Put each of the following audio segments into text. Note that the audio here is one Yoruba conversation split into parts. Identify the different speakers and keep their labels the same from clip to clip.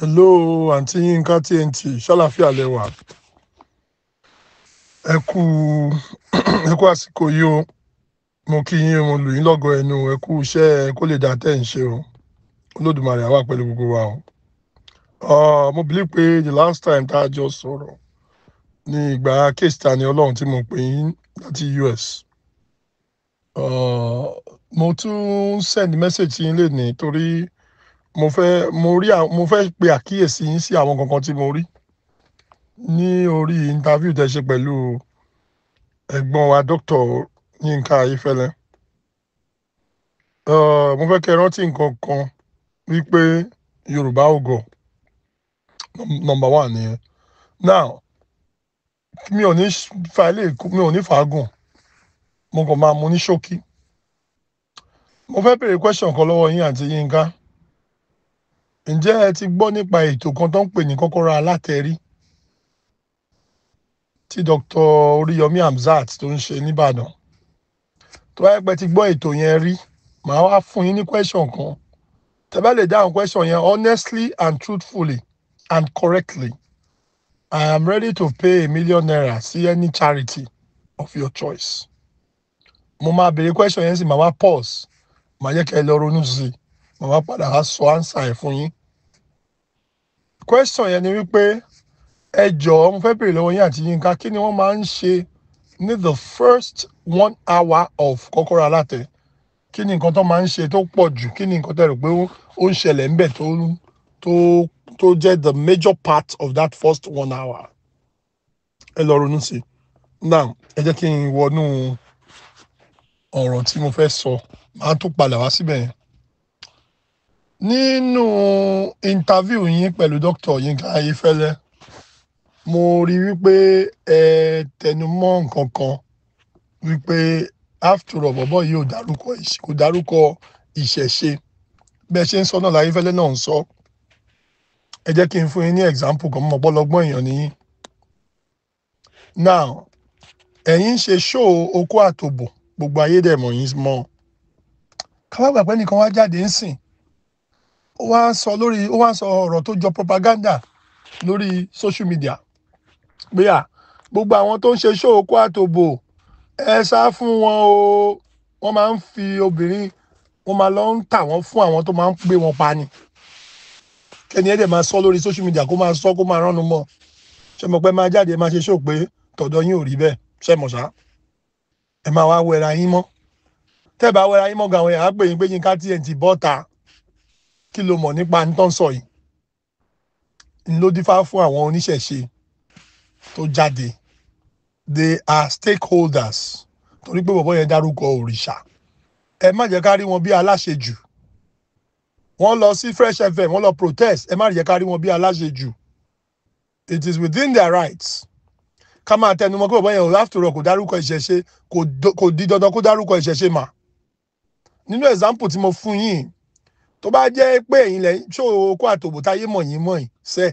Speaker 1: hello àǹtí yínká tnt ṣàlàfíà lẹ́wà ẹ kú ẹ kú àsìkò yìí o mo kí yín mo lù yín lọ́gọ̀ ẹnu ẹ kú iṣẹ́ ẹ kó lè dá tẹ̀ ń ṣe o olódùmarè àwa pẹ̀lú gbogbo wa o mo believe pé the last time tá a jọ sọ̀rọ̀ ní ìgbà case ta ni ọlọ́run tí mo pè yín láti US mo tún send message yín lè ní torí mo fẹ́ mo rí mo fẹ́ pe àkíyèsí yín sí àwọn kankan tí mo rí ní orí interview tẹ́ ṣe pẹ̀lú ẹ̀gbọ́n wa dr yinka ayefẹ́lẹ́ mo fẹ́ kẹ́ rántí nǹkan kan wípé yorùbá ògọ̀ nọ́mbà wà nìyẹn now mi ò ní fa ilé mi ò ní fàágùn mo kàn máa mu ní ṣókí mo fẹ́ béèrè question kan lọ́wọ́ yín àti yínká ǹjẹ́ ẹ ti gbọ́ nípa ètò kan tó ń pè ní kọ́kọ́rọ́ alátẹ̀rí tí Dr. Oríyọmí Hamzat tó ń ṣe nìbàdàn tó wáyé pé ti gbọ́ ètò yẹn rí màá wá fún yín ní question kan tẹ́ bá lè dáhùn question yẹn honestly and truthfully and correctly I am ready to pay a million naira sí any charity of your choice mo máa béèrè question yẹn sì màá wá pause màá yẹ kẹ́ lọ ronú sí i màmá padà á sọ ánsà ẹ̀ fún yín question yẹn ni wípé ẹ jọ̀ọ́ mo fẹ́ béèrè lọ́wọ́ yín àti Yínká kí ni wọ́n máa ń ṣe ní the first one hour of Kọ́kọ́rọ́ Alátẹ kí ni nǹkan tó máa ń ṣe tó pọ̀ jù kí ni nǹkan tó rò pé ó ń ṣẹlẹ̀ ńbẹ̀ tó tó tó jẹ́ the major part of that first one hour ẹ lọ ronú sí now ẹ jẹ́ kí n wọnú ọ̀rọ̀ tí mo fẹ́ sọ màá tún padà wá síbẹ̀ yẹn nínú interview yín pẹ̀lú dr yinka ayefẹ́lẹ́ mo rí wípé ẹ tẹnumọ́ nǹkan kan wípé after all bọ̀bọ̀ yìí ò dárúkọ kò dárúkọ ìṣẹ̀ṣe bẹ́ẹ̀ ṣe ń sọ náà láyéfẹ́lẹ́ náà ń sọ ẹ jẹ́ kí n fún yín ní example kan mọ̀ bọ́lọ́gbọ́n èèyàn nìyí now ẹ̀yin ń ṣe ṣó okó àtòbò gbogbo ayé dẹ̀ mọ̀ yín mọ́ kábàgbà pé nìkan wá jáde ń sìn ó wá ń sọ lórí ó wá sọ ọ̀rọ̀ tó jọ propaganda lórí social media pé à gbogbo àwọn tó ń ṣe ṣòkó àtòbò ẹ sá fún wọn o wọ́n máa ń fi obìnrin wọ́n máa lọ ń tà wọ́n fún àwọn tó máa ń gbé wọn pa ni kẹ́ni ẹ̀ dẹ̀ máa sọ lórí social media kó máa sọ kó máa ránu mọ́ ṣe mọ̀ pé máa jáde máa ṣe ṣó pé tọ̀dọ̀ yín ò rí bẹ́ẹ̀ ṣe mọ̀ ṣá ẹ máa wá wẹra yín mọ́ tẹ́ bá wẹra yín mọ́ gan àwọn pè yín pé yín ká tiẹ̀ ti bọ́ ta kí ló mọ̀ nípa nítọ́ sọ yìí ń ló dífá fún àwọn oníṣẹ̀ṣe tó jáde they are stakeholders torí pé bọ̀bọ̀ yẹn dárúkọ òrìṣà ẹ má jẹ́ ká rí wọn bí aláṣejù wọ́n lọ sí Fresh FM wọ́n lọ protest ẹ má jẹ́ ká rí wọn bí aláṣejù it is within their rights ká máa tẹnumọ́ pé bọ̀bọ̀ yẹn ò láfùtò rọ kò dárúkọ ìṣẹ̀ṣe kò di dandan kó dárúkọ ìṣẹ̀ṣe mà nínú example tí mo fún yín tó bá jẹ́ pé ẹ̀yin lẹ̀ ṣó okó àtòbò táyé mọ̀ yín mọ̀ yín sẹ́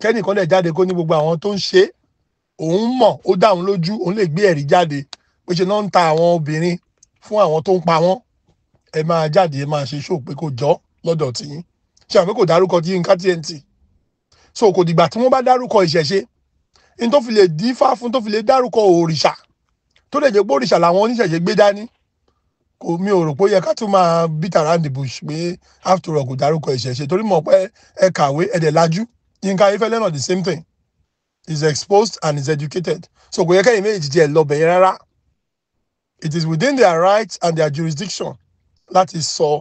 Speaker 1: kẹ́nìkan lẹ̀ jáde kó ní gbogbo àwọn tó ń ṣe òun mọ̀ ó dá òun lójú òun lè gbé ẹ̀rí jáde pé ṣe náà ń ta àwọn obìnrin fún àwọn tó ń pa wọ́n ẹ máa jáde ẹ máa ṣe ṣó pé kò jọ́ lọ́dọ̀ tí yín ṣe àpé kò dárúkọ tí Yínká TNT so kò dìgbà tí wọ́n bá dárúkọ ìṣẹ̀ṣe ní tó fi lè dífá fún tó fi lè dárúkọ òrìṣà tó lè jẹ́ pé òrìṣà làwọn oníṣẹ̀ṣe gbé dání kò mi ò rò pé ó yẹ ká tún máa beat around the bush pé after all kò dárúkọ ìṣẹ̀ṣe torí mọ̀ pé ẹ kàwé ẹ dẹ̀ lajú Yínká Ayéfẹ́lẹ́ náà the same thing is exposed and is educated so kò yẹ kẹ́yìn méjì jẹ́ lọ́bẹ̀ yẹn rárá it is within their rights and their jurisdiction láti sọ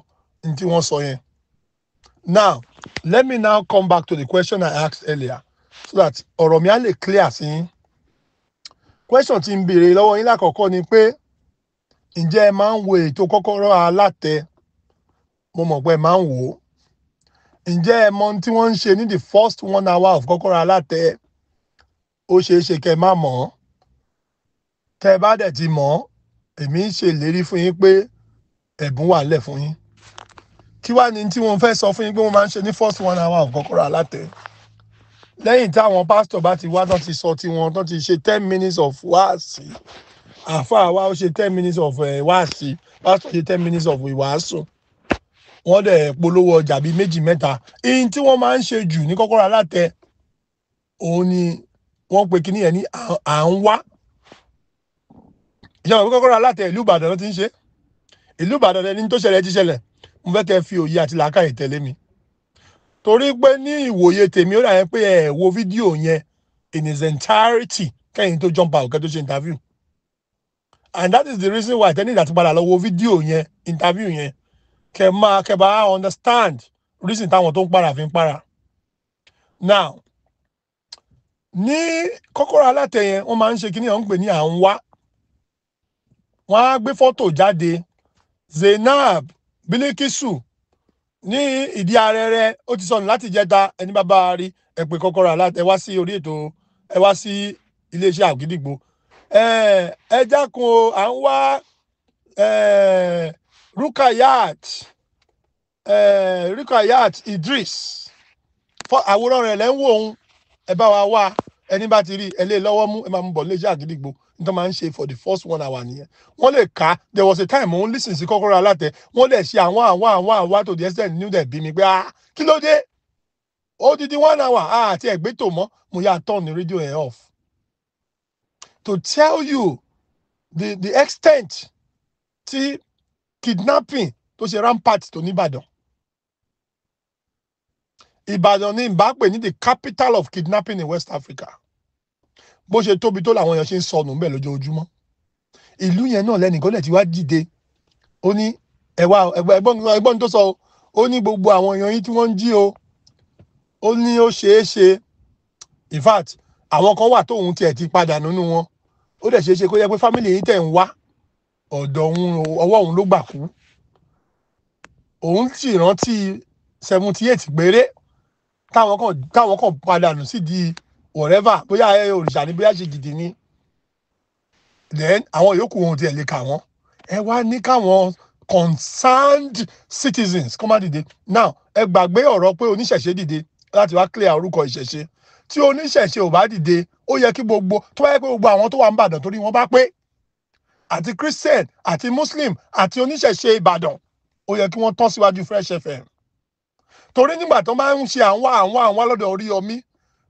Speaker 1: ní tí wọ́n sọ yẹn now let me now come back to the question I asked earlier so that ọ̀rọ̀ mi á lè clear sí yín question tí ń béèrè lọ́wọ́ yín lákọ̀ọ́kọ́ ni pé ǹjẹ́ ẹ máa ń wo ètò kọ́kọ́rọ́ alátẹ mo mọ̀ pé ẹ máa ń wò ó ǹjẹ́ ẹ mọ ohun tí wọ́n ń ṣe ní the first one hour of kọ́kọ́rọ́ alátẹ ó ṣeé ṣe kẹ́ ẹ má mọ̀ ọ́ tẹ́ ẹ bá dẹ̀ ti mọ̀ ọ́ èmi ń ṣèlérí fún yín pé ẹ̀bùn wà lẹ̀ fún yín kí wàá ní tí wọ́n fẹ́ sọ fún yín pé wọ́n máa ń ṣe ní first one hour of kọ́kọ́rọ́ alátẹ lẹ́yìn táwọn pásítọ̀ bá ti wá tán ti sọ tiwọn tán ti ṣe ten minutes of wáàsí àfa wa ó ṣe ten minutes of eh, wáàsí pásítọ̀ ṣe ten minutes of ìwàásù wọ́n dẹ̀ polówó ọjà bíi méjì mẹ́ta ihun tí wọ́n máa ń ṣe jù ní kọ́kọ́rọ́ alátẹ òun ni wọ́n pe kíní yẹn ní à ń wá ìjọba pé kọ́kọ́rọ́ alátẹ ìlú Ìbàdàn ló ti ń ṣe ìlú Ìbàdàn lẹni tó ṣẹlẹ̀ ti ṣẹlẹ̀ mo fẹ́ kẹ́ fi òye àti làákàyè tẹ̀lé mi torí pé ní ìwòye tèmi ó dà yẹn pé ẹ̀ wo fídíò yẹn in its entirety kẹ́yìn tó jump out kẹ́ tó ṣe interview and that is the reason why tẹ́ni ìdàtúpadà lọ wo fídíò yẹn interview yẹn kẹ máa kẹ bá understand reason táwọn tó ń para fi ń para now ní kọ́kọ́rọ́ alátẹ yẹn wọ́n máa ń ṣe kíní à ń pè ní à ń wá wọ́n á gbé fọ́tò jáde Zainab Bilikisu ní ìdí arẹrẹ ó ti sọnù láti jẹta ẹni bàbá rí ẹ pé kọ́kọ́rọ́ alátẹ wá sí orí ètò ẹ wá sí iléeṣẹ́ àgídìgbò ẹja kun o à ń wá Rukayat Rukayat Idris àwòrán rẹ̀ lẹ́ ń wò ó ẹ bá wa wá ẹni bá ti rí ẹ lé e lọ́wọ́ mú ẹ máa mú bọ̀ léṣe àgídìgbò nítorí máa ń ṣe for the first one hour nìyẹn wọ́n lè ká there was a time òun lis ten sí Kọ́kọ́rọ́ Alátẹ wọ́n lè ṣe àwọn àwọn àwọn àwọn to the extent new dem bí mi pé ah kí ló dé ó dídí one hour àti ẹ̀gbẹ́tò mọ́ mo yà turn the radio ẹ̀ off to tell you the the extent ti kidnapping tó ṣe rampart tó nìbàdàn ìbàdàn ni ìbápè ní the capital of kidnapping in west africa bó ṣe tóbi tó làwọn èèyàn ṣe ń sọnù ń bẹ lójoojúmọ́ ìlú yẹn náà lẹ́nìkan lẹ̀ tí wá dìde ó ní ẹ̀wà ẹ̀gbọ́n tó sọ ó ní gbogbo àwọn èèyàn yìí tí wọ́n ń jí o ó ní ó ṣeé ṣe in fact àwọn kan wà tóun tiẹ̀ ti padà nínú wọn ó dẹ̀ ṣeéṣe kó yẹ pé fámìlì yìí tẹ̀ ń wá ọ̀dọ̀ òun ọwọ́ òun ló gbà kú òun sì rántí seventy eight péré táwọn kan táwọn kan padànù sídìí whatever bóyá òrìṣà ni bóyá ṣègìdì ni then àwọn yòókù ohun tiẹ̀ lè kà wọ́n ẹ wá ní káwọn concerned citizens kó má dìde now ẹ gbàgbé ọ̀rọ̀ pé oníṣẹ̀ṣe dìde láti wá clear orúkọ ìṣẹ̀ṣe tí oníṣẹ̀ṣe ò bá dìde ó yẹ kí gbogbo tó bá yẹ pé gbogbo àwọn tó wà ń bàdàn torí wọn bá pé àti christian àti muslim àti oníṣẹ̀ṣe ìbàdàn ó yẹ kí wọ́n tán síwájú fresh fm torí nígbà tó máa ń ṣe àwọn àwọn àwọn lọ́dọ̀ orí omi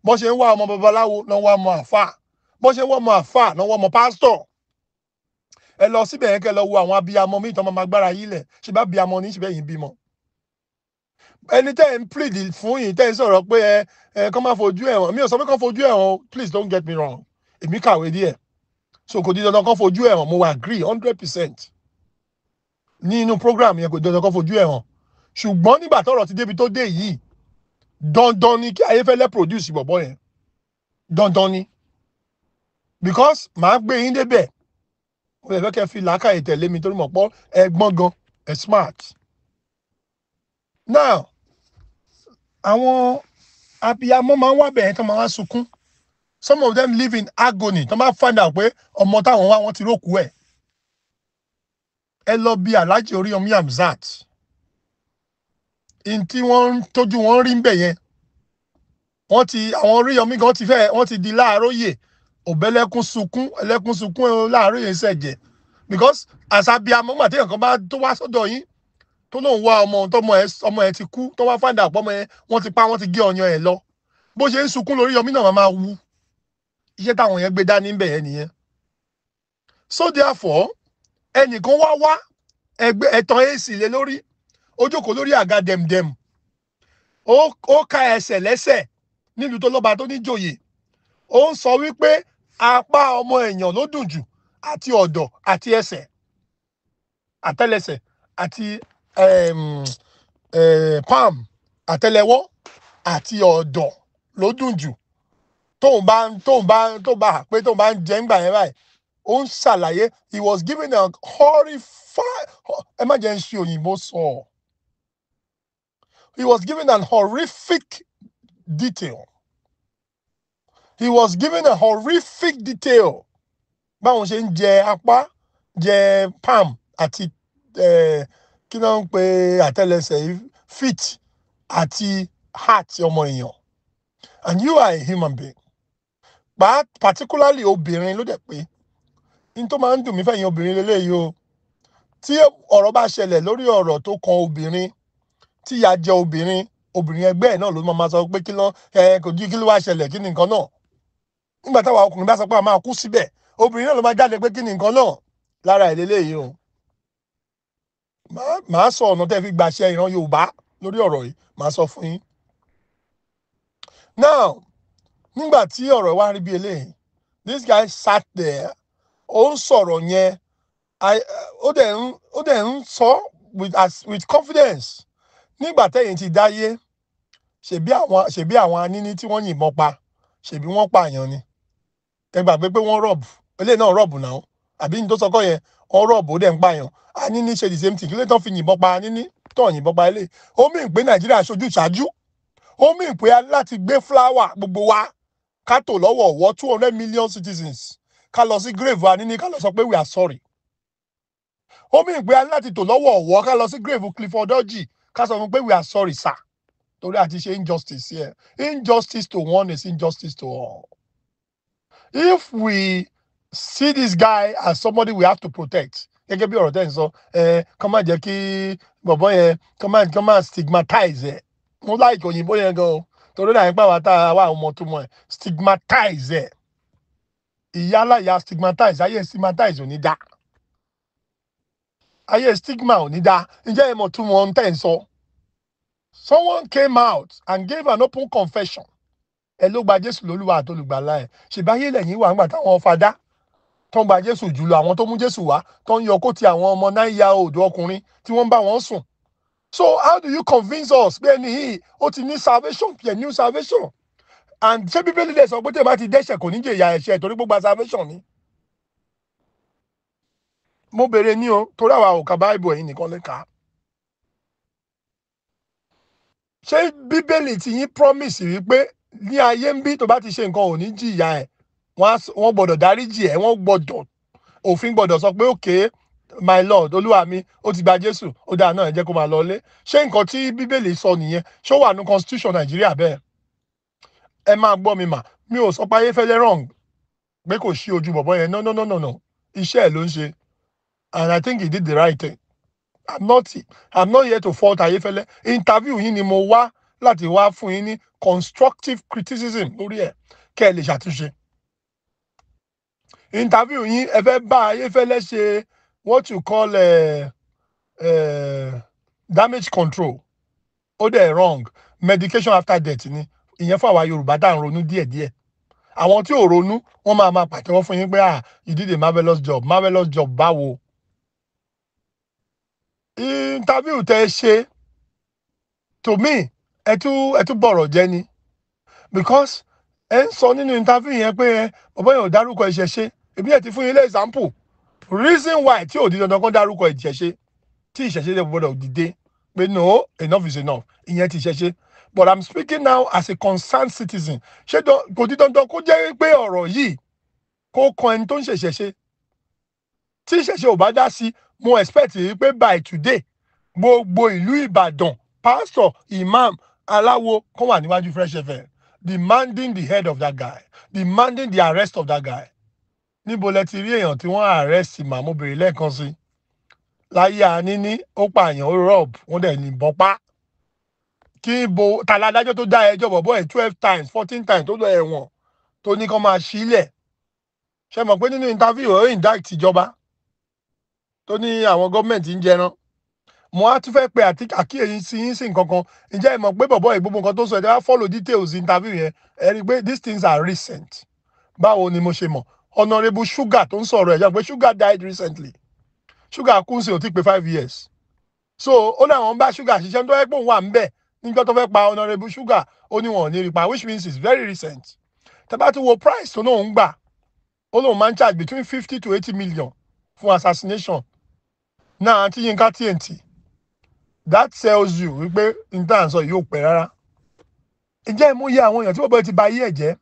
Speaker 1: bó ṣe ń wá ọmọ babaláwo náà wá ọmọ àfáà bó ṣe ń wá ọmọ àfáà náà wá ọmọ pásítọ̀ ẹ lọ síbẹ̀ yẹn kẹ́ lọ wo àwọn abiyamọ míì tó máa gbára yílẹ̀ ṣe bá bíamọ ní ṣe bẹ́ẹ̀ yín bímọ ẹni tẹ́ ẹ̀ ń plead fún yìí tẹ́ ẹ̀ ń sọ̀rọ̀ pé ẹ ẹ kọ́ máa fojú ẹ̀wọ̀n mi ò sọ pé kọ́ fojú ẹ̀wọ̀n please don't get me wrong èmi kàwé díẹ̀ so kò di dandan kọ́ fojú ẹ̀wọ̀n mo agree hundred percent ní program yẹn kò di dandan kọ́ fojú ẹ̀wọ̀n ṣùgbọ́n nígbà tọ́rọ̀ ti débi tó dé yìí dandan ni kí ayéfẹ́lẹ́ produce bọ̀bọ̀ yẹn dandan ni because màá gbé yín débẹ̀ ó lè fẹ́ kẹ́ fi làákàyè tẹ̀lé mi torí mọ̀ pọ́ ẹ gbọ́n gan ẹ smart now àwọn abiyamọ máa ń wá bẹ̀rẹ̀ tán máa ń sunkún some of them live in agony tán bá find out pé ọmọ táwọn wá wọn ti rókú ẹ̀ ẹ lọ bí aláàjì Oríyọmí Hamzat in tí wọ́n ń tójú wọn rí ń bẹ̀ yẹn wọ́n ti àwọn Oríyọmí gan ti fẹ́ wọ́n ti di láàróyè òbẹ́lẹ́kún sunkún ẹlẹ́kún sunkún láàróyè ṣẹ̀jẹ̀ because àṣà bíi amọ́gbàtẹ́yàn kan bá tó wá sọ́dọ̀ yín tó lóun wá ọmọ tọmọ ẹ ọmọ ẹ ti kú tó wá fáńdà àpọ̀ ẹ wọ́n ti pa wọ́n ti gé ọyàn ẹ lọ bó ṣe ń sunkún lórí yọmí náà máa wú iṣẹ́ táwọn yẹn gbé dání ń yẹn nìyẹn so therefore ẹnìkan wá wá ẹgbẹ́ ẹ̀tàn ac lé lórí ojókòó lórí àga dẹ̀mdẹ̀m ó ka ẹsẹ̀ lẹ́sẹ̀ nílùú tó lọ́ba tó níjòyè ó ń sọ wípé apá ọmọ èèyàn ló dùn jù àti ọ̀dọ̀ àti ẹsẹ̀ àtẹ́lẹsẹ̀ àti Eh, palm àtẹ́lẹwọ́ àti ọ̀dọ̀ ló dùn jù tóun bá tóun bá tóun bá pé tóun bá ń jẹ ńgbà yẹn báyìí ó ń ṣàlàyé he was given a horrifying ẹ má jẹ́ ń ṣe òyìnbó sọ he was given a horrific detail he was given a horrific detail báwọn ṣe ń jẹ apá jẹ palm àti. Uh, kí ló ń pe àtẹ́lẹsẹ̀ fit feet àti heart ọmọ èèyàn and you are a human being pa particularly obìnrin ló dẹ̀ pé n tó máa ń dùn mí fẹ̀yìn obìnrin lélẹ́yìí o tí ọ̀rọ̀ bá ṣẹlẹ̀ lórí ọ̀rọ̀ tó kan obìnrin tí ìyà jẹ obìnrin obìnrin ẹgbẹ́ ẹ̀ náà ló máa sọ pé kí ló ẹ kò jí kí ló wá ṣẹlẹ̀ kí ni nǹkan náà nígbà táwa ọkùnrin bá sọ pé a máa kú síbẹ̀ obìnrin náà ló máa jáde pé kí ni nǹkan náà lára ìlélẹ́yìí o màá sọ ọ̀nà tẹ́ fi gbàṣẹ ìran yorùbá lórí ọ̀rọ̀ yìí màá sọ fún yín. now nígbà tí ọ̀rọ̀ wá rí bí eléyìí this guy sat there ó ń sọ̀rọ̀ yẹn ó dẹ̀ ń sọ with as with confidence nígbà tẹ́yìn ti dáyé ṣèbí àwọn ṣèbí àwọn aníní tí wọ́n yìnbọn pa ṣèbí wọ́n pààyàn ni ẹ gbàgbé pé wọ́n rọ̀bù eléyìí náà rọ̀bù náà àbí ní tó sọkọ yẹn wọ́n rọ̀bù ó dẹ̀ ń pààyàn anini ṣe the same thing kílẹ̀ tó fi yìnbọn pa anini tó yìnbọn pa ilé ó mì pé nàìjíríà ṣojú ìṣáájú Omi mì pé láti gbé fúláwà gbogbo wa ká tò lọ́wọ́ ọ̀wọ́ two hundred million citizens ká lọ sí grave anini ká lọ sọ pé we are sorry Omi mì pé láti tò lọ́wọ́ ọ̀wọ́ ká lọ sí grave Clifford Orji ká sọ fún pé we are sorry sir torí àti ṣe injustice here injustice to one is injustice to all if we see this guy as somebody we have to protect gẹ́gẹ́ bí ọ̀rọ̀ tẹ́ ń sọ ẹ kàn má jẹ́ kí bọ̀bọ́ yẹn kàn má stigmatize ẹ̀ mo láìkí òyìnbó yẹn gan o torí náà nípa àwọn àtàwọn àwọn ọmọ tó mọ ẹ̀ stigmatize ẹ̀ ìyá aláya stigmatize ayé stigmatize ò ní dá ayé stigma ò ní dá ǹjẹ́ ẹ̀ mọ̀ tó mọ ohun tẹ́ sọ someone came out and gave an open confession ẹ ló gba Jésù lólúwa àtolùgbàlà ẹ ṣèbáyé lẹ́yìn wà ńgbà táwọn ọfà dá tó ń gba jésù jùlọ àwọn tó mú jésù wá tó ń yọ kó ti àwọn ọmọ nine year old ọkùnrin tí wọ́n bá wọn sùn so how do you convince us pé ẹni yìí ó ti ní salvation pẹ̀ new salvation and ṣé bíbélì dẹ̀ sọ pé tèmi àti dẹ́ṣẹ̀ kò ní jẹ̀yà ẹ̀ṣẹ̀ torí gbogbo salvation ni mo bèrè ní o torí àwa ò ka báìbù ẹ̀yin nìkan lè kà á ṣé bíbélì ti yín promise wípé ní ayé ń bí tó bá ti ṣe nǹkan ò ní jìyà ẹ̀ wọ́n gbọ́dọ̀ dáríjì ẹ̀ wọ́n gbọ́dọ̀ òfin gbọ́dọ̀ sọ pé òkè my lord olúwa mi ó ti gba jésù ó dáa náà ẹ jẹ́ kó máa lọ lé ṣé nǹkan tí bíbélì sọ nìyẹn ṣó wà ní constitution nàìjíríà bẹ́ẹ̀ ẹ máa gbọ́ mi mà mi ò sọ pé ayéfẹ́lẹ́ wrong pé kò sí ojú bọ̀bọ̀ yẹn no no no no no iṣẹ́ ẹ̀ ló ń ṣe and i think he did the right thing i'm not i'm not here to fault ayéfẹ́lẹ́ interview yín ni mo wá láti wá fún yín ní constructive criticism lórí ẹ̀ kẹ́ ẹ lè ṣàtúnṣe interview yín ẹ fẹ́ bá Ayéfẹ́lẹ́ ṣe what you call uh, uh, damage control ó dẹ̀ wrong medication after death ni ìyẹn fún àwa Yorùbá tá à ń ronú díẹ̀díẹ̀ àwọn tí ò ronú wọ́n máa máa pàtẹ́wọ́ fún yín pé ah you did a marvelous job marvelous job báwo interview tẹ́ ẹ ṣe to me ẹ tún ẹ tún bọ̀rọ̀ jẹ́ ni because ẹ ń sọ nínú interview yẹn pé bàbá yẹn ò dárúkọ ẹ̀ṣẹ̀ ṣe èmi ẹ̀ ti fún yín lé example reason why tí ò di dandan kan dárúkọ ìṣẹ̀ṣe tí ìṣẹ̀ṣe lè gbọdọ̀ dìde pé no enough is enough ìyẹn ti ìṣẹ̀ṣe but i'm speaking now as a concerned citizen ṣé kò di dandan kó jẹ́ pé ọ̀rọ̀ yìí kó kan ẹni tó ń ṣèṣẹ̀ṣe tí ìṣẹ̀ṣe ò bá dá sí mo expect yìí pé by today gbogbo ìlú ìbàdàn pastor imam aláwo kan wà níwájú fresh fm demanding the head of that guy demanding the arrest of that guy níbo lẹ ti rí èèyàn tí wọ́n àrẹ́sì màmú bèrè lẹ́ẹ̀kan sí láyé àníní ó pààyàn ó rọ̀b wọ́n dẹ̀ yìnbọn pa kí bo taládájọ́ tó dá ẹjọ́ bọ̀bọ́ ẹ̀ twelve times fourteen times tó lọ ẹ̀wọ̀n tó ní kó máa sílẹ̀ ṣe mọ̀ pé nínú interview ó indict ìjọba tó ní àwọn gọ́ọ̀mẹ̀ntì ń jẹran mo á tún fẹ́ pe àkíyèsí sí yín sí nǹkan kan ǹjẹ́ ẹ mọ̀ pé bọ̀bọ́ ẹ̀ gbogbo tó sọ ẹ̀ dẹ́ follow details interview yẹn ẹ rí i pé these things are recent báwo ni mo ṣe mọ̀ Honorable sugar tó ń sọ̀rọ̀ ẹ̀ yàgbé sugar died recently sugar kúnṣe ò ti pé five years so ó láwọn bá sugar ṣiṣẹ́ tó yẹ pé òun wà ń bẹ̀ níjọ́ tó fẹ́ pa honourable sugar ó ní wọn ò ní rí pa which means it's very recent tẹ́bá tó wo price tó náà ń gbà ó lóun máa ń charge between fifty to eighty million fún assassination náà àti Yinka TNT that tells you wípé intan sọ yóò pẹ́ rárá ǹjẹ́ ìmúyẹ àwọn èèyàn tí bọ́bọ́ ti ba ayé ẹ̀ jẹ́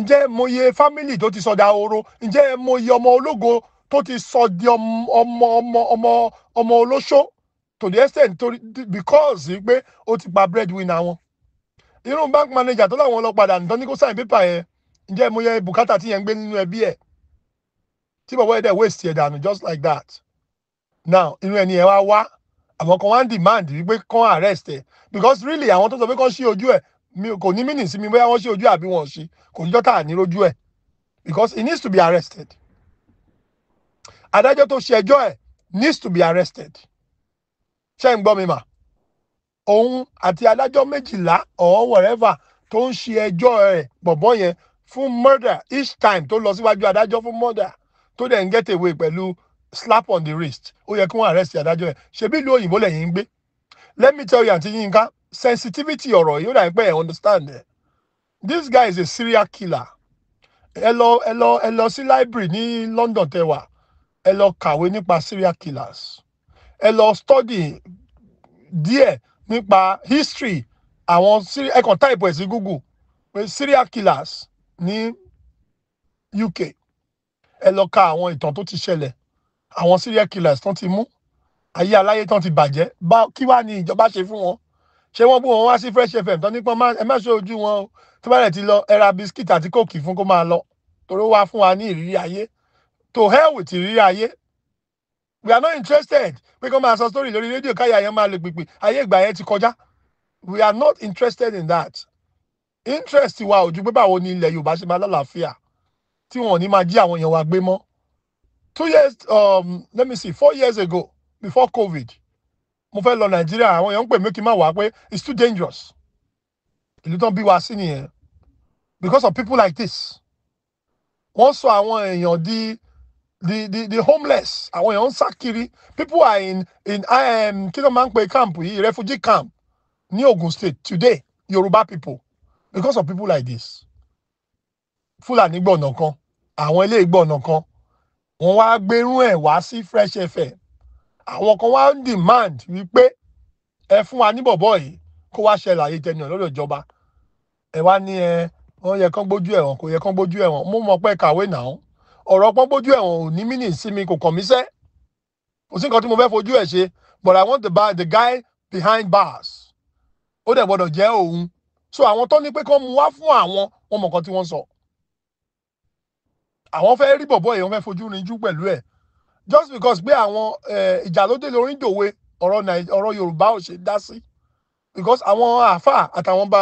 Speaker 1: ǹjẹ́ mo yẹ fámìlì tó ti sọdá oró ǹjẹ́ mo yẹ ọmọ ológo tó ti sọ di ọmọ ọmọ ọmọ ọmọ olóṣó to the extent to because pé ó ti gba breadwinner wọn irú bank manager tó láwọn ọlọ́padà nǹkan ní kó sign paper yẹn ǹjẹ́ mo yẹ bùkátà tí yẹn ń gbé nínú ẹbí ẹ̀ tí bàbá ẹ̀dẹ̀ waste ẹ̀ dànù just like that now inú ẹni ẹ̀ wá wá àwọn kan wá ń demand wípé kan arrest ẹ̀ because really àwọn tó sọ pé kan ṣí ojú ẹ̀ kò ní mí nìsinmi bóyá wọ́n ṣe ojú àbí wọ́n ṣe kò ní jọ́ tá ní lójú ẹ̀ because he needs to be arrested adájọ́ tó ṣe ẹjọ́ ẹ̀ needs to be arrested ṣé ń gbọ́ mi mà òun àti adájọ́ méjìlá or whatever tó ń ṣe ẹjọ́ ẹ̀ bọ̀bọ́ yẹn fún murder each time tó lọ síwájú adájọ́ fún murder tó dẹ̀ ń get away pẹ̀lú slap on the wrist ó yẹ kí wọ́n arrest adájọ́ ẹ̀ ṣebí ìlú òyìnbó lẹ́yìn ń gbé let me tell you àǹtí yínká sensitivity ọ̀rọ̀ yóò dà pé ẹ understand ẹ this guy is a serial killer ẹ lọ ẹ lọ ẹ lọ sí library ní London tẹ wà ẹ lọ kàwé nípa serial killers ẹ lọ study díẹ̀ nípa history àwọn ẹ kàn táìpù ẹ̀ sí Google pé serial killers ní UK ẹ lọ ka àwọn ìtàn tó ti ṣẹlẹ̀ àwọn serial killers tán ti mú ayé aláyé tán ti bàjẹ́ bá kí wàá ní ìjọba ṣe fún wọn ṣé wọ́n bú wọn wá sí fresh fm tó nípọn ẹ má ṣe ojú wọn o tó bá rẹ̀ ti lọ ẹ ra biskit àti kóòkì fún kó máa lọ torí wá fún wa ní ìrírí ayé to hell with ìrírí ayé we are not interested pé kó máa sọ story lórí rédíò káyà yẹn máa lè gbìgbì ayé ìgbà yẹn ti kọjá we are not interested in that interest wa ò ju pé báwo ni ilẹ̀ yorùbá ṣe máa lálàáfíà tí wọn ò ní máa jí àwọn èèyàn wa gbé mọ́ two years um, let me see four years ago before covid mo fẹ́ lọ nàìjíríà àwọn èèyàn ń pè mí kí n má wá pé it's too dangerous ìlú tán bí wa sí nìyẹn because of people like this wọ́n sọ àwọn èèyàn di the the the homeless àwọn èèyàn ń sá kiri people are in in um, kí ló máa ń pe camp yìí refugee camp ní Ogun State today Yorùbá people because of people like this Fúlàní gbọ̀nà kan àwọn ilé ìgbọ̀nà kan wọ́n wá gbérú ẹ̀ wá sí Fresh FM àwọn kan wá ń demand wípé ẹ fún wa ní bọ̀bọ̀ yìí kó wá ṣẹlẹ̀ àyè jẹnìyàn lọ́dọ̀ ìjọba ẹ wá ní ẹ wọ́n yẹ kán gbójú ẹ̀wọ̀n kò yẹ kán gbójú ẹ̀wọ̀n mo mọ̀ pé kàwé nà án ọ̀rọ̀ pọ́n gbójú ẹ̀wọ̀n ò ní mínì sí mi kò kàn mí sẹ́ kò sí nǹkan tí mo fẹ́ fojú ẹ̀ ṣe but I want to buy the guy behind bars ó dẹ̀ gbọ́dọ̀ jẹ́ òun so àwọn tó ní pé kán mu wá fún àwọn wọn mọ̀ nǹkan tí wọ́n sọ àwọn fẹ́ rí bọ̀bọ̀ yìí wọ́n fẹ́ fojú rinjú pẹ̀lú ẹ̀ just because pé àwọn eh, ìjà ló délé orin dòwe ọ̀rọ̀ Yorùbá ò ṣe dá sí because àwọn àáfà àtàwọn bá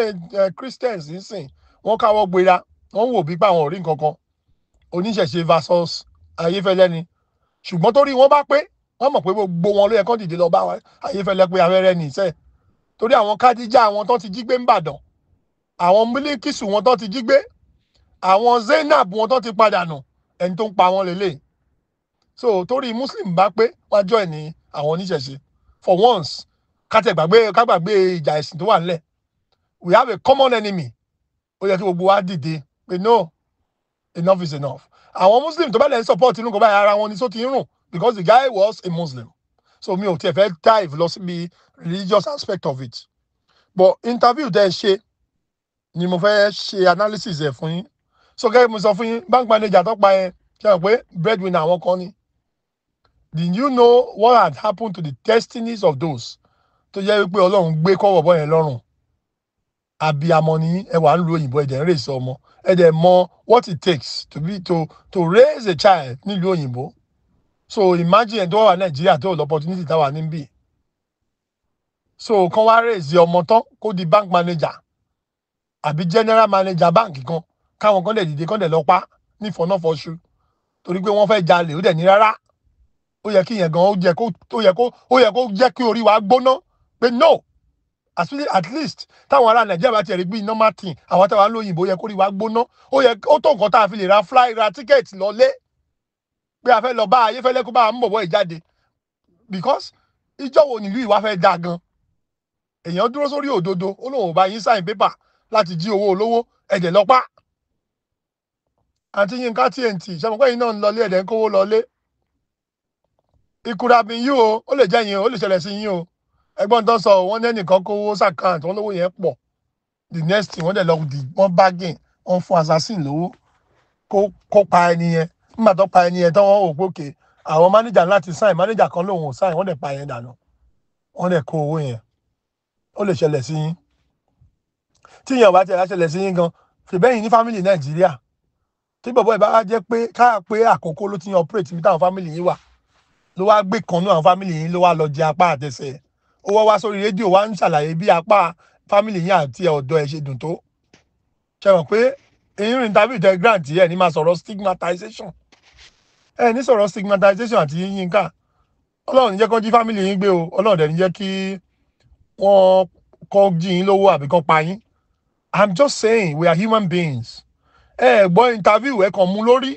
Speaker 1: eh, Christians nísìn wọ́n káwọ́ gbéra wọ́n wò bí pa àwọn orí nǹkan kan oníṣẹ̀ṣe versus Ayéfẹ́lẹ́ ni ṣùgbọ́n torí wọ́n bá pé wọ́n mọ̀ pé gbogbo wọn ló yẹ kán dìde lọ bá Ayéfẹ́lẹ́ pé abẹ́rẹ́ ní iṣẹ́ torí àwọn Kádíjà àwọn tó ti jí gbé ń bàdàn àwọn Mílíkìsù wọn tó ti jí gbé àwọn Zainab wọn tó ti padà nù ẹni tó ń pa wọn lélẹ́yìí so torí muslim bá pé wá join ní àwọn oníṣẹ̀ṣe for once kátẹ̀gbàgbé kágbàgbé ìjà ẹ̀sìn tó wà nílẹ̀ we have a common enemy ó yẹ kí gbogbo wa dìde pé no enough is enough àwọn muslim tó bá lẹ́yìn support inú kò báyìí ara wọn ni só ti ń rùn because the guy was a muslim so mi ò tiẹ̀ fẹ́ dive lọ síbi religious aspect of it but interview tẹ́ ẹ ṣe ni mo fẹ́ ṣe analysis ẹ̀ fún yín so gẹ́gẹ́ mo sọ fún yín bank manager tó pa ẹ ṣe hàn pé breadwinner àwọn kan ni did you know what had happened to the destinies of those tó jẹ́ wípé ọlọ́run gbé kọ́wọ̀ bọ́ yẹn lọ́rùn abiyamọ ni ẹ wà ń lo òyìnbó ẹ̀dẹ̀ ń rèsè ọmọ ẹ̀dẹ̀ mọ what it takes to be to to raise a child nílùú òyìnbó so imagine ẹ̀dọ́ wà nàìjíríà tó lọ opportunity táwa níbí so kán wá raise ọmọ tán kó di bank manager àbí general manager báǹkì kan káwọn kan dẹ̀ dìde kan dẹ̀ lọ pa nífọ̀nàfọ̀ṣù torí pé wọ́n fẹ́ jalè ó dẹ̀ ní rárá ó yẹ kí yẹn gan ó yẹ kó ó yẹ kó ó yẹ kó jẹ́ kí orí wa gbóná pé no at least táwọn ará nàìjíríà bá ti rí bíi normal thing àwọn táwọn lóyìnbó yẹ kó rí wa gbóná ó yẹ ó tó nǹkan tá a fi lè ra fly ra ticket lọlé pé a fẹ́ lọ bá ayéfẹ́lẹ́ kó bá a mú bọ̀bọ̀ ìjáde because ìjọ wo nílùú ìwà fẹ́ dáa gan èèyàn dúró sórí òdodo ó lóun ò bá yín sign paper láti jí owó olówó ẹ̀dẹ̀ lọ́pàá àti yínká TNT ṣàmùpẹ́ yìí náà ń lọlé ẹ̀dẹ̀ ń kówó lọlé It could ìkura mi yín o ó lè jẹ́ yín o ó lè ṣẹlẹ̀ sí yín o ẹgbọ́n tó sọ wọ́n ní ẹnìkan kówó sàkáǹtì wọ́n lówó yẹn pọ̀ the next thing wọ́n dẹ̀ lọ di wọ́n bargain wọ́n fún assassin lówó kó pa ẹni yẹn nígbà tó pa ẹni yẹn tán wọ́n ò gbókè àwọn manager láti sign manager kan lòun ò sign wọ́n dẹ̀ pa yẹn dànù wọ́n dẹ̀ kó owó yẹn ó lè ṣẹlẹ̀ sí yín tí yẹn ò bá tẹ̀lé ṣẹlẹ̀ sí yín gan fìbẹ́yìn ní family Nàìjíríà tí bọ̀bọ̀ ìbára jẹ́ pé káà pé àkókò ló ti yan operate ibi táwọn family yìí wà ló wá gbé kan náà fámìlì yín ló wá lọ jẹ apá àtẹsẹ̀ ó wá wá sórí rédíò wá ń ṣàlàyé bí apá fámìlì yín àti ọ̀dọ́ ẹ̀ ṣe dùn tó ṣe mọ̀ pé ìyún interview tẹ grant ẹ̀ ní máa sọ̀rọ̀ stigmatization ẹ̀ ní sọ̀rọ̀ stigmatization àti yíyínká ọlọ́run ní jẹ́ fámìlì yín gbé o ọlọ́run dẹ̀ ní kí wọ́n kọ́ jí yín lówó àbí kan pa yín i'm just saying we are human beings ẹ gbọ́ interview ẹ kàn mú lórí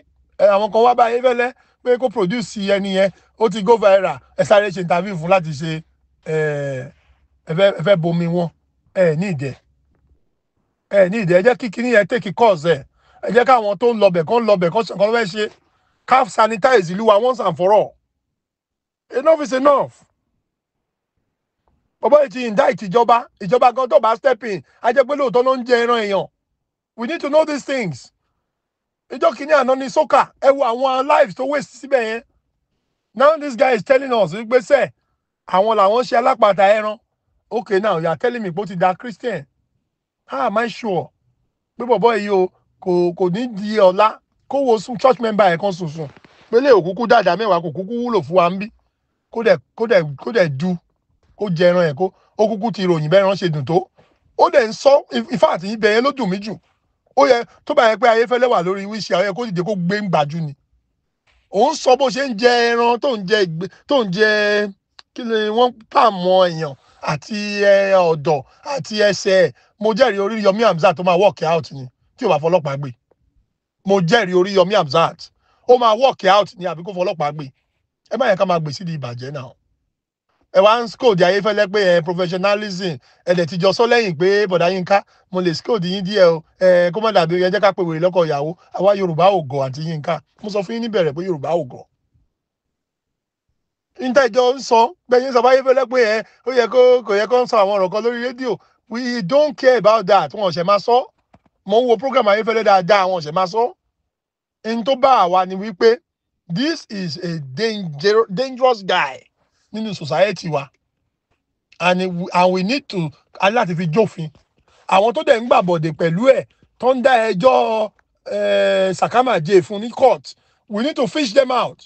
Speaker 1: àwọn kan wá báyé fẹ́lẹ́ pé kó produce ẹni yẹn ó ti go viral ẹ sáré ṣe interview fún láti ṣe ẹ fẹ́ bomi wọn ẹ ní ìdẹ ẹ ní ìdẹ ẹ jẹ́ kí kíní yẹn take course ẹ ẹ jẹ́ káwọn tó ń lọbẹ̀ kán lọbẹ̀ kán ṣe kán fẹ́ ṣe calf sanitize ìlú wa once and for all enough is enough bọ́bọ́ yìí ti indict ìjọba ìjọba gan tó bá step in ajẹ́pẹ́ lóòótọ́ ló ń jẹ ẹran èèyàn we need to know these things ìjọ kìíní àná ní sókà ẹ wo àwọn lives tó waste síbẹ̀ yẹn now this guy is telling us wípé sẹ́ àwọn làwọn ṣe alápàtà ẹran okay now you are telling me pé ó ti da christian how ah, am I sure pé bọ̀bọ̀ yìí o kò kò ní di ọ̀la kó wo sùn church member ẹ̀ kan sùn sùn pé lè òkúkú dáadáa mẹ́wàá kò kúkú wúlò fún wa ń bí kó dẹ̀ kó dẹ̀ kó dẹ̀ du kó jẹ ẹran ẹ̀ kó ó kúkú ti ròyìn bẹ́ẹ̀ ránṣẹ́ dùn tó ó dẹ̀ ń sọ in fact ìbẹ̀yẹn ló dùn mí jù ó yẹ tó bá yẹ pé ayéfẹ́lẹ́ wà lórí wíṣẹ́ ó yẹ kó dìde kó gbé ń gbàjú ni òun sọ bó ṣe ń jẹ ẹran tó ń jẹ ìgbé tó ń jẹ kí ni wọ́n pàmò èèyàn àti ọ̀dọ̀ àti ẹsẹ̀ mo jẹ́rìí orí Yomi Hamzat tó máa work out ni tí ò bá fọlọ́pàá gbé mo jẹ́rìí orí Yomi Hamzat ó máa work out ni àbí kó fọlọ́pàá gbé ẹ má yẹ ká máa gbèsè di ìbàjẹ́ náà ẹ wá ń scold ayéfẹ́lẹ́ pé ẹ eh, professionalism ẹ dẹ̀ ti jọ sọ lẹ́yìn pé bọ̀dá Yínká mo lè scold yín díẹ̀ o ẹ eh, kó má dàbí ẹ jẹ́ ká pe wèrè lọ́kọ ìyàwó àwa Yorùbá ò gọ̀ àti Yínká mo sọ fún yín níbẹ̀rẹ̀ pé Yorùbá ò gọ̀ níta ìjọ ń sọ gbẹ̀yìn sọ ayéfẹ́lẹ́ pé ẹ eh, ó yẹ kó kò yẹ kó ń sọ àwọn ọ̀rọ̀ kan lórí rédíò we don't care about that wọn ò ṣẹ̀ máa sọ mo ń wo program ayéfẹ́lẹ́ dáadáa wọn ò ṣẹ̀ máa sọ n tó bá àwa ni wípé this is a danger, dangerous guy nínú society wa and we, and we need to aláti fi jófin àwọn tó dẹ̀ ń gbàbọ̀dẹ̀ pẹ̀lú ẹ̀ tó ń dá ẹjọ́ eh, sàkámàjẹ fún ní court we need to fish them out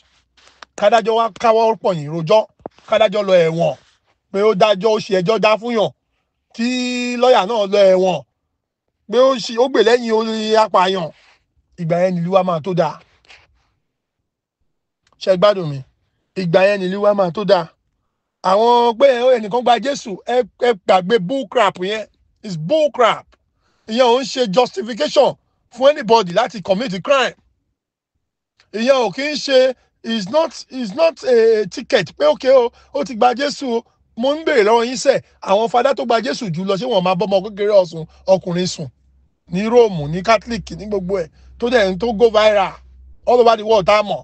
Speaker 1: kádájọ́ wa káwọ́ pọ̀yìn rojọ́ kádájọ́ lọ ẹ̀wọ̀n pé ó dájọ́ ó ṣe ẹjọ́ dá fún yàn tí lọ́ọ̀yà náà lọ ẹ̀wọ̀n pé ó ṣe ó gbè lẹ́yìn orí apààyàn ìgbà yẹn nílùú wa máa tó dáa ṣe gbádùn mi ìgbà yẹn nílùú wa máa tó dáa àwọn pé ẹnìkan gba jésù ẹ gbàgbé bull crap yẹn it's bullcrap. crap ìyẹn ò ń ṣe justification fún anybody láti commit a crime ìyẹn ò kì í ṣe is not is not a ticket pé ókè o ó ti gba jésù mo ń béèrè lọ́wọ́ yín sẹ̀ àwọn fadá tó gba jésù jù lọ ṣé wọ́n máa bọ́mọ kékeré ọ̀sùn ọkùnrin sùn ní róòmù ní catholic ní gbogbo ẹ̀ tó dẹ̀ ń tó go viral all over the world tá a mọ̀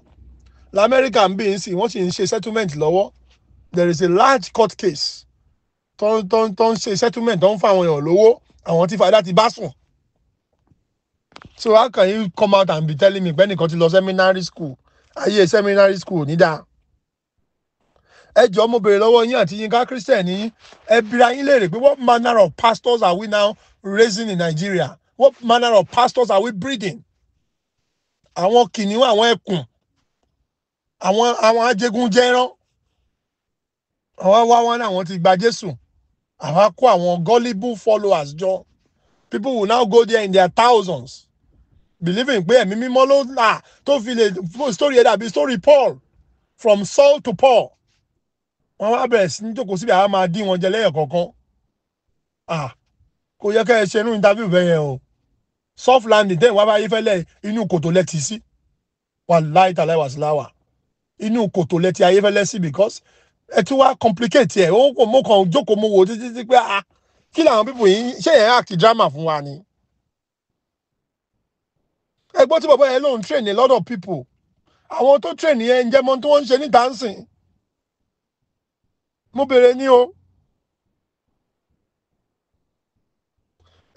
Speaker 1: lamẹ́ríkà ń bí ń sìn wọ́n sì ń ṣe settlement lọ́wọ́ there is a large court case tó ń tó ń tó ń ṣe settlement tó ń fún àwọn èèyàn lówó àwọn tí fàdá ti bá sùn so how can you come out and be telling me pé ẹnìkan ti lọ seminary school ayé seminary school nídà ẹ jọ mo béèrè lọ́wọ́ yín àti Yinka Christian ní ẹ bira yín léèrè pé what manner of pastors are we now raising in Nigeria what manner of pastors are we breeding àwọn kìnìún àwọn ẹkùn àwọn àwọn ajégun jẹran àwọn wá wọn ní àwọn ti gba jésù àwa kó àwọn gullible followers jọ people will now go there in their thousands believing pé ẹ̀mí mímọ́ ló là tó fi lè story ẹ̀ dàbí story paul from saul to paul wọn wá bẹ̀rẹ̀ sí ní jókòó síbi àwọn máa dín wọn jẹ lẹ́yìn kọ̀ọ̀kan ah kò yẹ kẹ́ ẹ ṣe inú interview bẹ́ẹ̀ yẹn o soft landing tẹ́ ìwà bá yí fẹ́lẹ́ inú kòtò lẹ́tì sí wà láì tàlẹ́ wà sí láwà inú kòtò lẹ́tì ayé fẹ́lẹ́ sí because ẹ tún wá complicate ẹ ó kò mú kan jókòó mo wò títí sí pé ah kí làwọn people yìí ṣé yẹn act drama fún wa ni. ẹgbọ́n tí bàbá yẹn lòun train a lot of people àwọn tó train yẹn ń jẹ́mọ́ tí wọ́n ń ṣe ní dancing mo béèrè ní o.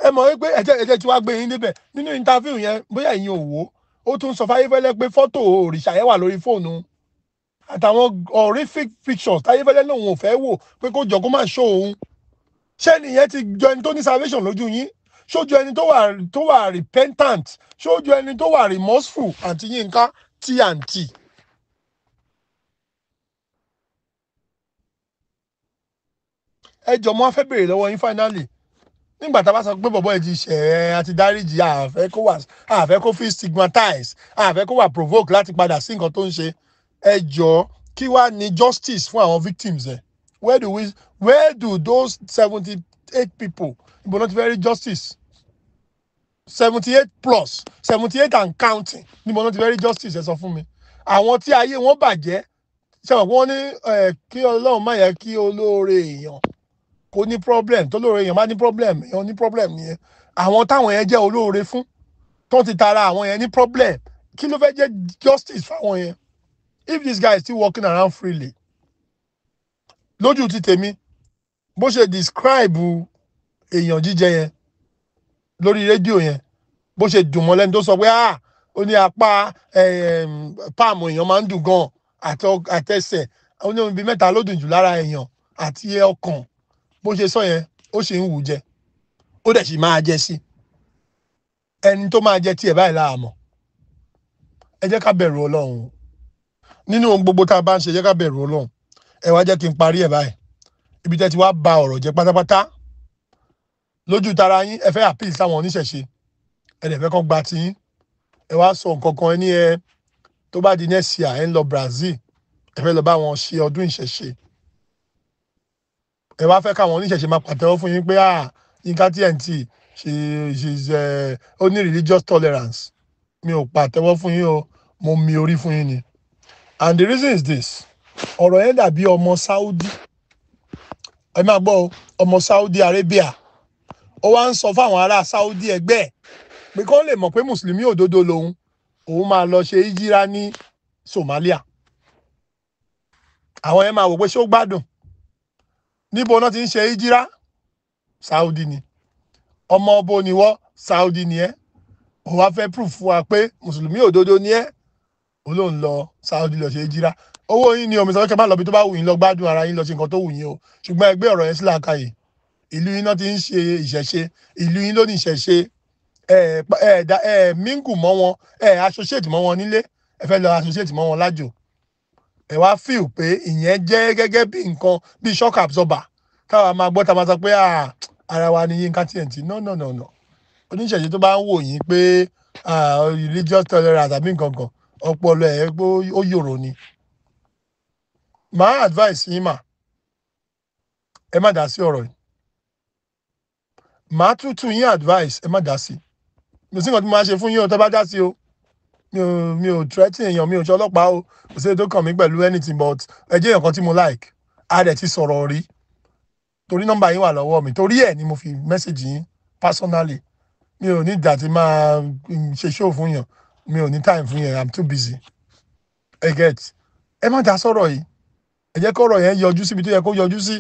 Speaker 1: ẹ mọ̀ wípé ẹ̀jẹ̀ ẹ̀jẹ̀ tí wàá gbé yín níbẹ̀ nínú interview yẹn bóyá ẹ̀yin ò wò ó tún sọ fáyé fẹ́lẹ́ pé fọ́tò òrìṣà yẹn wà lórí fóònù àtàwọn horrific pictures táyé fẹ́lẹ́ lòun ò fẹ́ wò pé kó jọ kó má ṣó òun ṣé nìyẹn ti jọ ẹni tó ní salvation lójú yín ṣó ẹni tó wà repentant ṣó jọ ẹni tó wà remorseful àti yínká tnt. ẹ jọ mo fẹ́ béèrè lọ́wọ́ yín finally nígbà tá a bá sọ pé bọ̀bọ̀ ẹ̀ ti ṣẹ̀ ẹ́ àti dáríjì àfẹ́ kó wà àfẹ́ kó fi stigmatize àfẹ́ kó wà provoke láti padà sí nǹkan tó ń ṣe ẹ jọ̀ọ́ kí wàá ní justice fún àwọn victims ẹ̀ where do we where do those seventy eight people ibo not very justice seventy eight plus seventy eight and counting ni mo náà ti justice ẹ sọ fún mi àwọn tí ayé wọn bàjẹ́ ṣàwọn wọn ní kí ọlọ́run má yẹ kí olóore èèyàn kò ní problem tó lóore èèyàn má ní problem èèyàn ní problem nìyẹn àwọn táwọn yẹn jẹ́ olóore fún tó ti tara àwọn yẹn ní problem kí ló fẹ́ jẹ́ justice fáwọn yẹn if this guy is still walking around freely lójú ti tèmi bó ṣe describe èèyàn jíjẹ yẹn lórí rédíò yẹn bó ṣe dùn mọ́ lẹ́nu tó sọ pé ah ó ní apá páàmù èèyàn máa ń dùn gan àtẹsẹ̀ ó ní ibi mẹ́ta ló dùn jù lára èèyàn àti ọkàn bó ṣe sọ yẹn ó ṣe ń wù jẹ ó dẹ̀ sì máa jẹ sí ẹni tó máa jẹ tiẹ̀ báyìí láàmọ̀ ẹ jẹ́ ká bẹ̀rù ọlọ́run nínú ohun gbogbo tá a bá ń ṣe yẹ ká bẹ̀rù ọlọ́run ẹ wá jẹ́ kí n parí ẹ̀ báyìí ibi tẹ́ ti wá ba ọ̀rọ̀ jẹ́ pátápátá lójú tara yín ẹ fẹ́ àpíl sáwọn oníṣẹ̀ṣe ẹ dẹ̀ fẹ́ kọ́ gba tiyín ẹ wá sọ nǹkan kan ẹni ẹ tó bá di next year ẹ ń lọ Brazil ẹ fẹ́ lọ bá wọn ṣe ọdún ìṣẹ̀ṣe ẹ wá fẹ́ káwọn oníṣẹ̀ṣe máa pàtẹ́wọ́ fún yín pé ah Yinka TNT she she ẹ ó ní religious tolerance mi ò pàtẹ́wọ́ fún yín o mo mi orí fún yín ni and the reason is this ọ̀rọ̀ yẹn dàbí ọmọ Saudi ẹ máa gbọ́ ọmọ Saudi Arabia ó wá ń sọ fáwọn ará Saudi ẹgbẹ́ ẹ̀ pé kó lè mọ̀ pé mùsùlùmí òdodo lòun òun máa lọ ṣe ìjírá ní Somalia àwọn yẹn máa wò pé ṣé ó gbádùn níbo náà ti ń ṣe ìjírá Saudi ni ọmọ ọbọ niwọ Saudi ni ẹ òun wá fẹ́ proof fún wa pé mùsùlùmí òdodo ni ẹ òun ló ń lọ Saudi lọ ṣe é jíra owó yín ni omisan kẹ bá lọ bí tó bá wù yín lọ gbádùn ara yín lọ ṣe nǹkan tó wù yín o ṣùgbọ́n ẹgbẹ́ ọ̀rọ̀ yẹn sí làákàyè ìlú yín náà ti ń ṣe ìṣẹ̀ṣe ìlú yín ló ní ìṣẹ̀ṣe ẹ mingu mọ́ wọn ẹ associate mọ́ wọn nílé ẹ fẹ́ lọ associate mọ́ wọn lájò ẹ wá feel pé ìyẹn jẹ́ gẹ́gẹ́ bí nǹkan bí shock absorber káwa máa gbọ́ ta pé ah, ara wa ni Yínká TNT no no no no oníṣẹ̀ṣe tó bá ń wò yín pé ah, religious tolerance àbí nǹkan kan ọpọlọ ẹ̀ pé ó yòrò ni màá advice yín mà ẹ má dá sí ọ̀rọ̀ yìí màá tútù yín advice ẹ má dá sí mi ò sí nǹkan tí mo máa ṣe fún yín o tẹ́ bá dá sí o mi ò mi ò threatening èèyàn mi ò ṣe ọlọ́pàá o kò sí tó kàn mí pẹ̀lú anything but ẹ jẹ́ èèyàn tí mo like a dẹ̀ ti sọ̀rọ̀ rí torí nọ́mbà yín wà lọ́wọ́ mi torí ẹ̀ ni mo fi mẹ́sàgì yín personally mi ò ní ìdàtí máa mm, ṣe ṣó fún yàn mi ò ní time fún yẹn i'm too busy ẹ get ẹ má dá sọ̀rọ̀ yìí ẹ jẹ́ kọ́rọ̀ yẹn yọjú síbi tó yẹ kó yọjú sí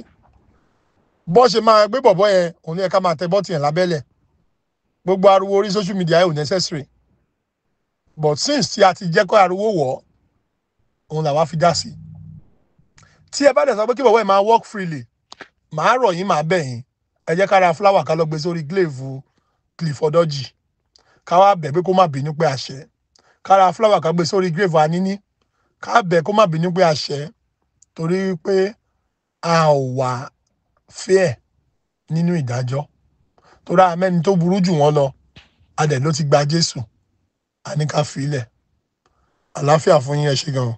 Speaker 1: bọ́ ṣe máa gbé bọ̀bọ́ yẹn òun yẹ ká máa tẹ bọ́ọ̀tì yẹn lábẹ́lẹ̀ gbogbo ariwo orí social media yẹn necessary but since tí a ti jẹ́ kó ariwo wọ̀ òun làwa fi dá sí tí ẹ bá dẹ̀ sọ pé kí bọ̀bọ́ yẹn máa work freely màá rọ̀ yín màá bẹ̀ yín ẹ jẹ́ ká ra fúláwà ká lọ gbé sórí glaive Cliff Odoji ká wá bẹ̀ pé kó má bínú pé àṣẹ kára fúláwà ká gbé sórí grave àníní ká bẹ̀ kó má bínú pé a ṣẹ̀ torí pé a ò wà fair nínú ìdájọ́ torí amẹ́ni tó burú jù wọ́n lọ adẹ̀ ló ti gba Jésù àní ká fún yín ẹ ṣé gan